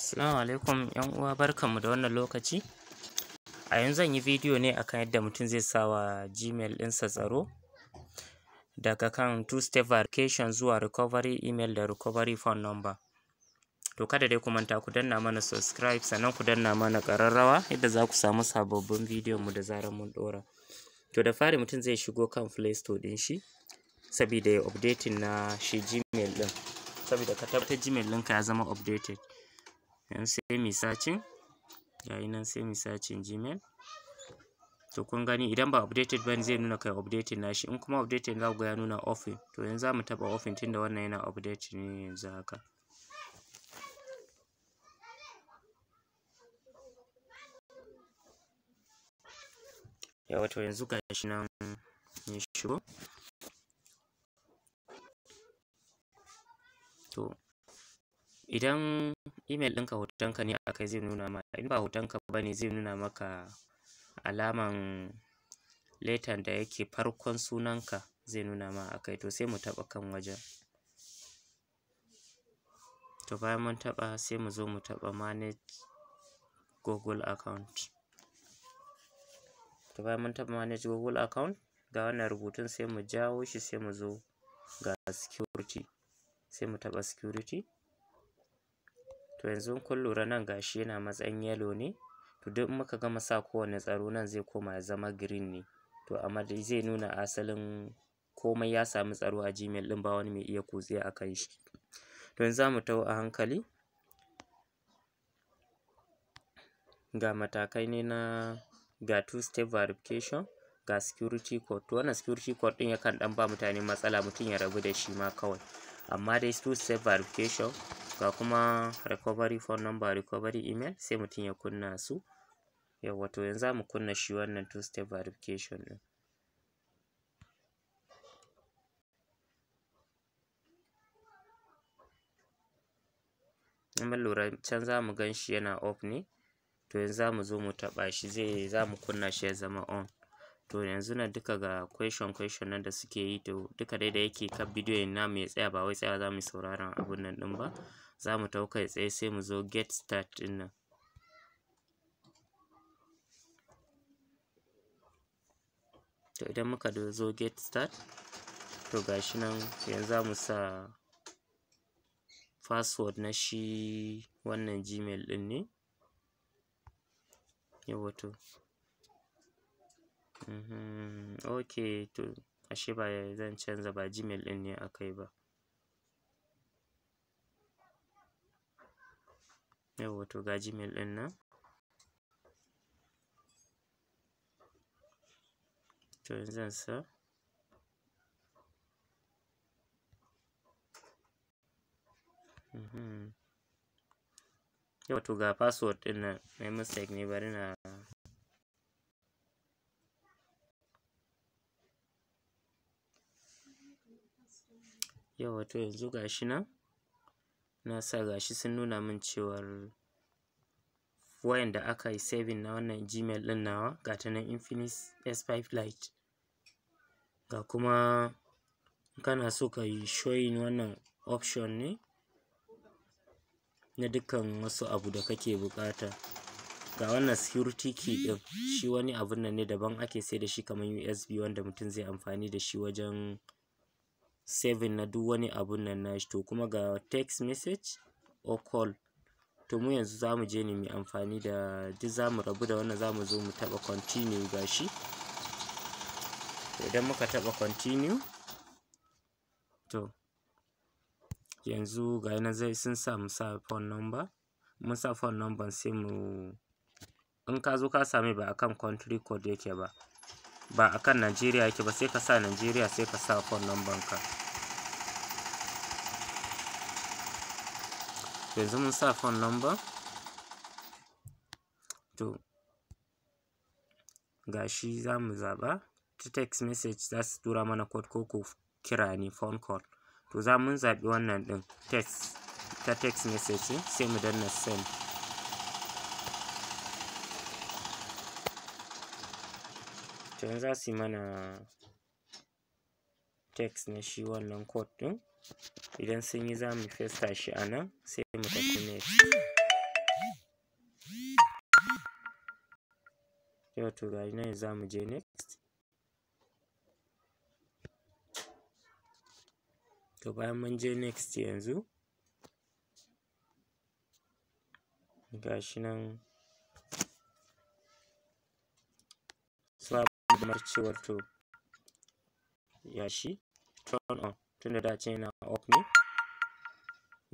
Assalamu alaikum ƴan uwa barkanmu da wannan lokaci. A yanzu zan yi bidiyo ne akan yadda mutum zai sawa wa Gmail ɗinsa tsaro daga kan two step verification zuwa recovery email da recovery phone number. To kada dai ku manta ku danna mana subscribe sannan ku danna mana ƙararrawa yadda za ku samu sababbin bidiyon mu da zarar mun ɗora. To da fari mutum zai shigo kan Play Store ɗin shi sabida ya updating na shi Gmail ɗin sabida ka tabbatar Gmail ɗinka ya zama updated. yanzu sai mu sacin gayi nan sai mu searching gmail to kun gani idan ba updated bane zai nuna kai updated nashi in kuma updated za ku ya nuna offin to yanzu za mu taɓa offin tunda wannan yana updated ne yanzu haka yawa to yanzu ga shi nan ya shigo to Idan email ɗinka hotonka ne a kai zai nuna ma, in ba hotonka ba ne zai nuna maka alaman letan da yake farkon sunanka zai nuna ma a kai to sai mu taɓa kan wajen. To bayan mun taɓa sai mu zo mu taɓa manage Google account. To bayan mun taɓa manage Google account ga wannan rubutun sai mu jawo shi sai mu zo ga security sai mu taɓa security. to yanzu kun lura nan gashi yana matsayin yalo ne to duk muka gama sa kowane tsaro nan zai koma ya zama green ne to amma dai zai nuna asalin komai ya samu tsaro a gmail ɗin ba wani mai iya kutse a kan shi to yanzu za mu taho a hankali ga matakai ne na ga two step verification ga security code to wannan security code ɗin yakan ɗan ba mutane matsala mutum ya rabu da shi ma kawai amma dai two step verification ga kuma recovery phone number recovery email sai mutum ya kunna su yawwa to yanzu mu kunna shi wannan two step verification ɗin in lura can mu gan shi yana off ne to yanzu mu zo mu taɓa shi zai mu kunna shi ya zama on to yanzu nan duka ga question question nan da suke yi to duka dai da yake kan bidiyon namu ya tsaya ba wai tsaya za mu sauraron abun nan ɗin ba za mu tau kai tsaye sai mu zo get start ɗin nan to idan muka zo get start to gashi nan yanzu za mu sa password na shi wannan gmail ɗin ne yawwa to mhm okay to ashe ba zan canza ba gmail ɗin ne akai ba yauwa to ga gmail ɗin nan to yanzu zan sa mhm. yauwa to ga password ɗin nan na yi mistake ne bari na yauwa to yanzu ga shi nan na sa gashi sun nuna min cewar wayanda aka yi saving na wannan gmail ɗin nawa ga ta nan infinix s5 lite ga kuma kana so ka yi showing wannan option ne na dukkan wasu abu da kake bukata ga wannan security key ɗin shi wani abun nan ne daban ake sai da shi kamar USB wanda mutum zai amfani da shi wajen saving na duk wani abun nan nashi to kuma ga text message or call to mu yanzu za mu je ne mu amfani da duk zamu rabu da wannan zamu zo mu taɓa continue gashi idan muka taɓa continue to yanzu ga yana zai sun sa mu sa phone number mun sa phone number sai mu in ka zo ka same ba akan country code yake ba ba akan Najeriya yake ba sai ka sa Najeriya sai ka sa phone number ka yanzu mun sa phone number to gashi zamu zaɓa ta text message zasu tura mana code ko ko kira phone call to zamu mun zaɓi wannan ɗin text ta text message sai mu danna send to yanzu za su yi mana text na shi wannan code ɗin idan sun yi za mu paste shi a nan sai yau to gayi nan za mu je next to bayan mun je next yanzu gashi nan kamar cewar to yashi turn on tunda da dace na off ne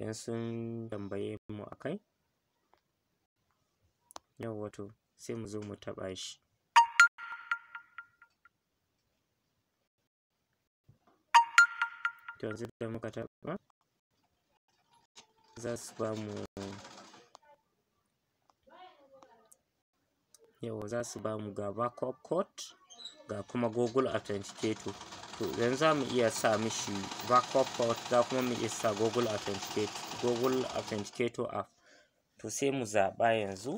yanzu sun tambaye mu akai yau wato. sai mu zo mu taɓa shi to yanzu da muka taɓa za su ba mu yawa za su ba mu ga backup code ga kuma google authenticator to yanzu za mu iya sa mishi backup code za kuma mu iya sa google authenticator google authenticator app to sai mu zaɓa yanzu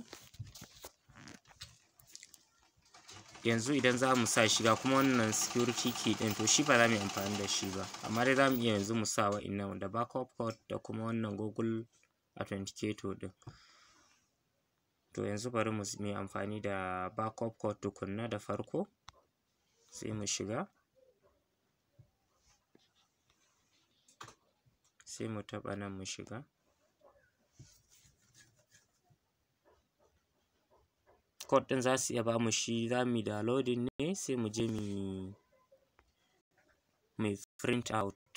yanzu idan za mu sa shiga kuma wannan security key ɗin to shi ba za mu yi amfani da shi ba amma dai za mu iya yanzu mu sa wa'innan da backup code da kuma wannan google authenticator ɗin to yanzu bari mu yi amfani da backup code tukunna da farko sai mu shiga sai mu taɓa nan mu shiga code din zasu su iya bamu shi zamu mu yi downloading ne sai mu je mu yi print out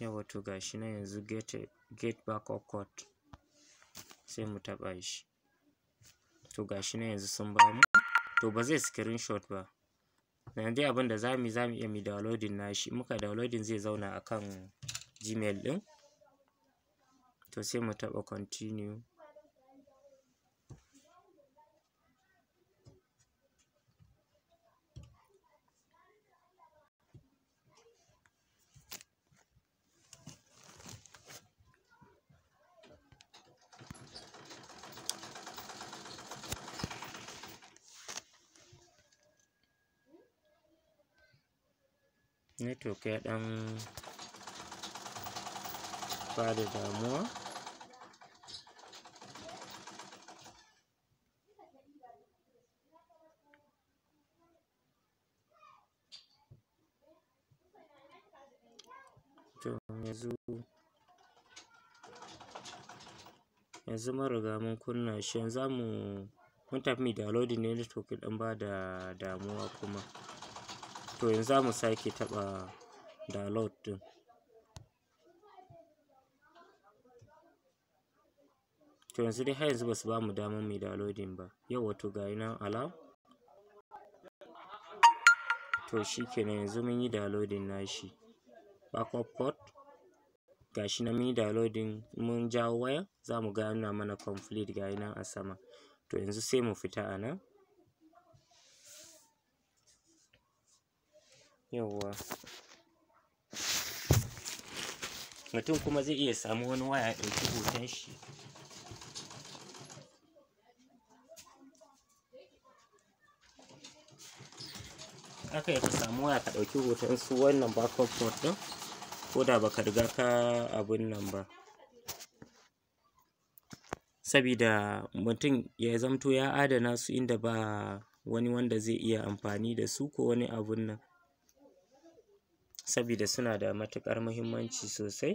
yawa to gashi na yanzu get, get back backup code sai mu taba shi to gashi na yanzu sun bamu to ba zai screenshot ba yanzu dai abin da za mu yi za mu iya mu downloading nashi in muka downloading zai zauna akan gmail din eh? to sai mu taɓa continue network ya ɗan bada damuwa to yanzu yanzu mun riga mun kunna shi yanzu za mu mun tafi muyi downloading na network ya ɗan ba da damuwa kuma to yanzu za mu sake taɓa download ɗin to yanzu dai har yanzu ba su ba mu damar downloading ba yau wato gayi nan allow to shikenan yanzu mun yi downloading nashi backup port gashi nan mun yi downloading mun jawo waya za mu ga yana mana complete gayi nan a sama to yanzu sai mu fita a nan yawwa mutum kuma zai iya samu wani waya ya ɗauki hoton shi haka ya ka samu waya ka ɗauki hoton su wannan backup port ɗin ko da baka riga ka abun nan ba sabida mutum ya zamto ya adana su inda ba wani wanda zai iya amfani da su ko wani abun nan sabida suna da matuƙar muhimmanci sosai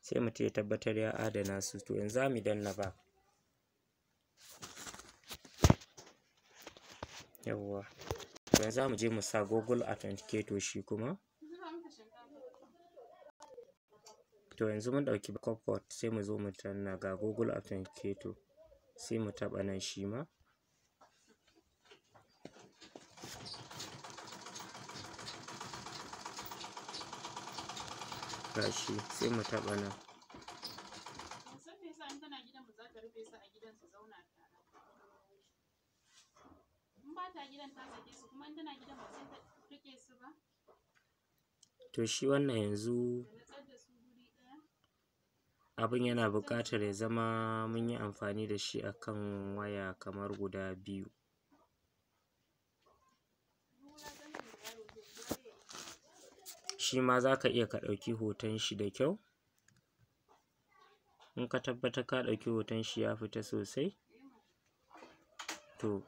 sai mutum ya tabbatar ya adana su to yanzu za mu danna ba yawwa sannan za mu je mu sa google authenticator shi kuma to yanzu mun ɗauki backup port sai mu zo mu tanna ga google authenticator sai mu taɓa nan shi ma shi sai mu taɓa nan to shi wannan yanzu abin yana buƙatar ya zama mun yi amfani da shi a kan waya kamar guda biyu shi ma za ka iya ka ɗauki hoton shi da kyau in ka tabbatar ka ɗauki hoton shi ya fita sosai to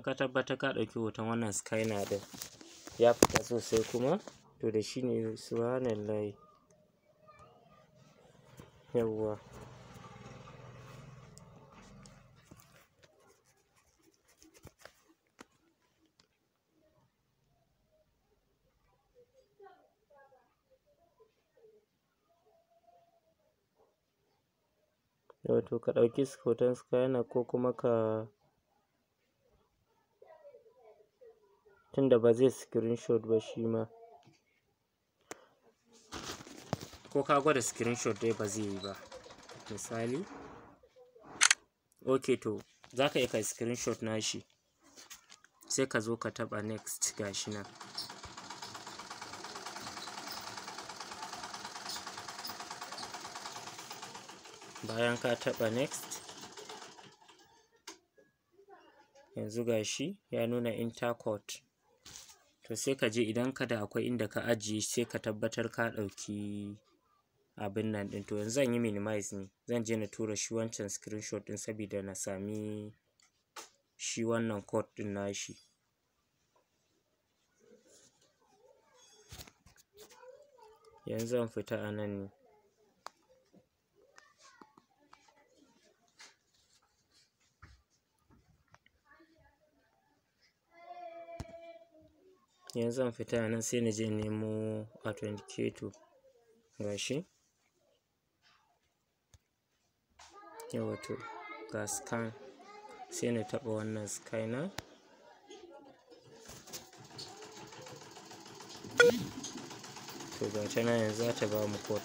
in ka tabbatar ka ɗauki hoton wannan scanner da ya fita sosai kuma to da shi ne subhanallahi yawwa wato ka ɗauki hoton scanner ko kuma ka tunda ba zai screenshot ba shi ma ko ka gwada screenshot dai ba zai yi ba misali ok to za ka yi kai screenshot nashi sai ka zo ka taɓa next gashi na. bayan ka taɓa next yanzu gashi ya nuna intercode to sai ka je idan ka da akwai inda ka ajiye sai ka tabbatar ka ɗauki abin nan ɗin to yanzu zan yi minimize ne zan je na tura shi wancan screenshot ɗin sabida na sami shi wannan code ɗin nashi yanzu zan fita a nan ne yanzu zan fita nan sai na je nemo authenticator gashi yawa to ga scan sai na taɓa wannan scanner to ga ta yanzu za ta ba mu code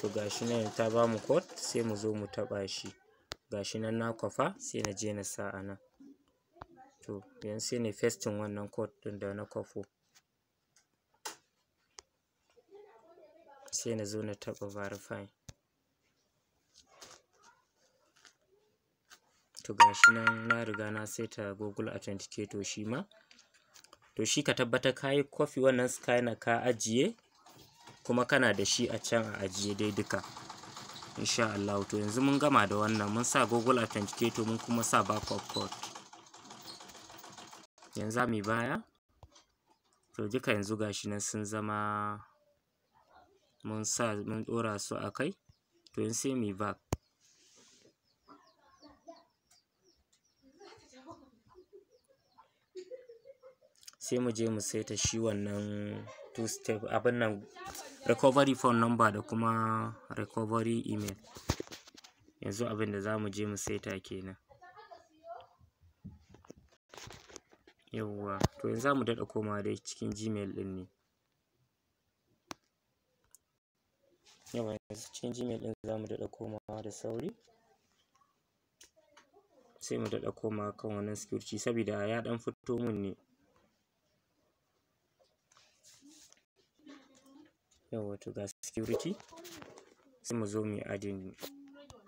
to ga shi nan ta ba mu code sai mu zo mu taɓa shi ga shi nan na kwafa sai na je na sa a nan to yanzu sai na pasting wannan code ɗin da na kwafo sai na zo na taɓa verify to gashi nan na riga na saita google authenticator shi ma to shi ka tabbatar ka yi kwafi wannan scanner ka ajiye kuma kana da shi a can a ajiye dai duka insha Allah to yanzu mun gama da wannan mun sa google authenticator mun kuma sa backup code yanzu za mu baya to duka yanzu gashi nan sun zama mun sa mun ɗora su a kai to yanzu sai mu yi back sai mu je mu saita shi wannan two step abin nan recovery phone number da kuma recovery email yanzu abin da za mu je mu saita kenan yawwa to yanzu zamu daɗa komawa dai cikin gmail ɗin ne yawwa yanzu cikin gmail ɗin zamu daɗa komawa da sauri sai mu daɗa komawa kan wannan security sabida ya ɗan fito min ne yawwa to ga security sai mu zo mu yi adding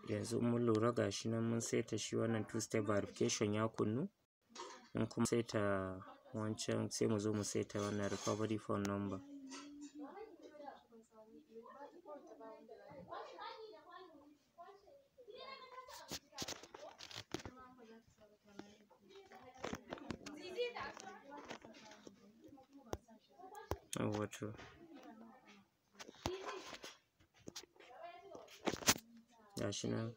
yanzu in mun lura ga shi nan mun saita shi wannan two step verification ya kunnu in kuma saita wancan sai mu zo mu ta wannan recovery phone number yawwa to gashi nan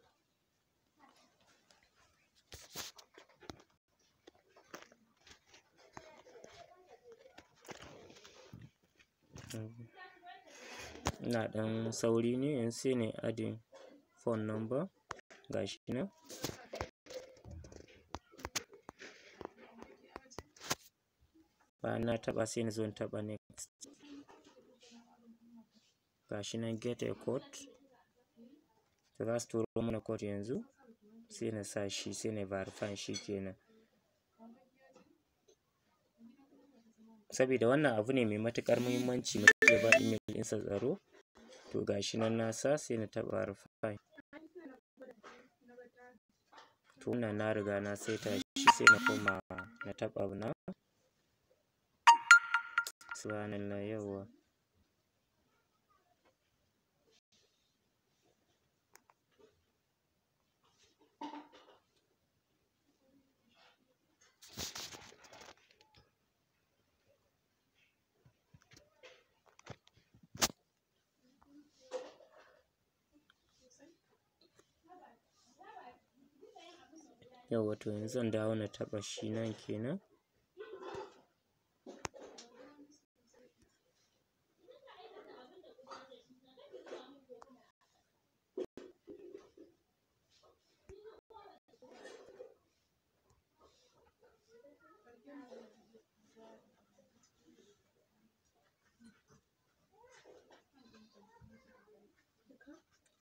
ina ɗan sauri ne in sai ne adding phone number gashi nan. Bayan na taɓa sai na zo in taɓa next. Gashi nan get a code. To za su turo mana code yanzu sai na sa shi sai na verify shi kenan. Sabida wannan abu ne mai matuƙar muhimmanci mu ba email ɗinsa tsaro. to gashi nan na sa sai na taɓa rufa to wannan na riga na saita shi sai na koma na taɓa na subhanallah yawwa yauwa to yanzu zan dawo na taɓa shi nan kenan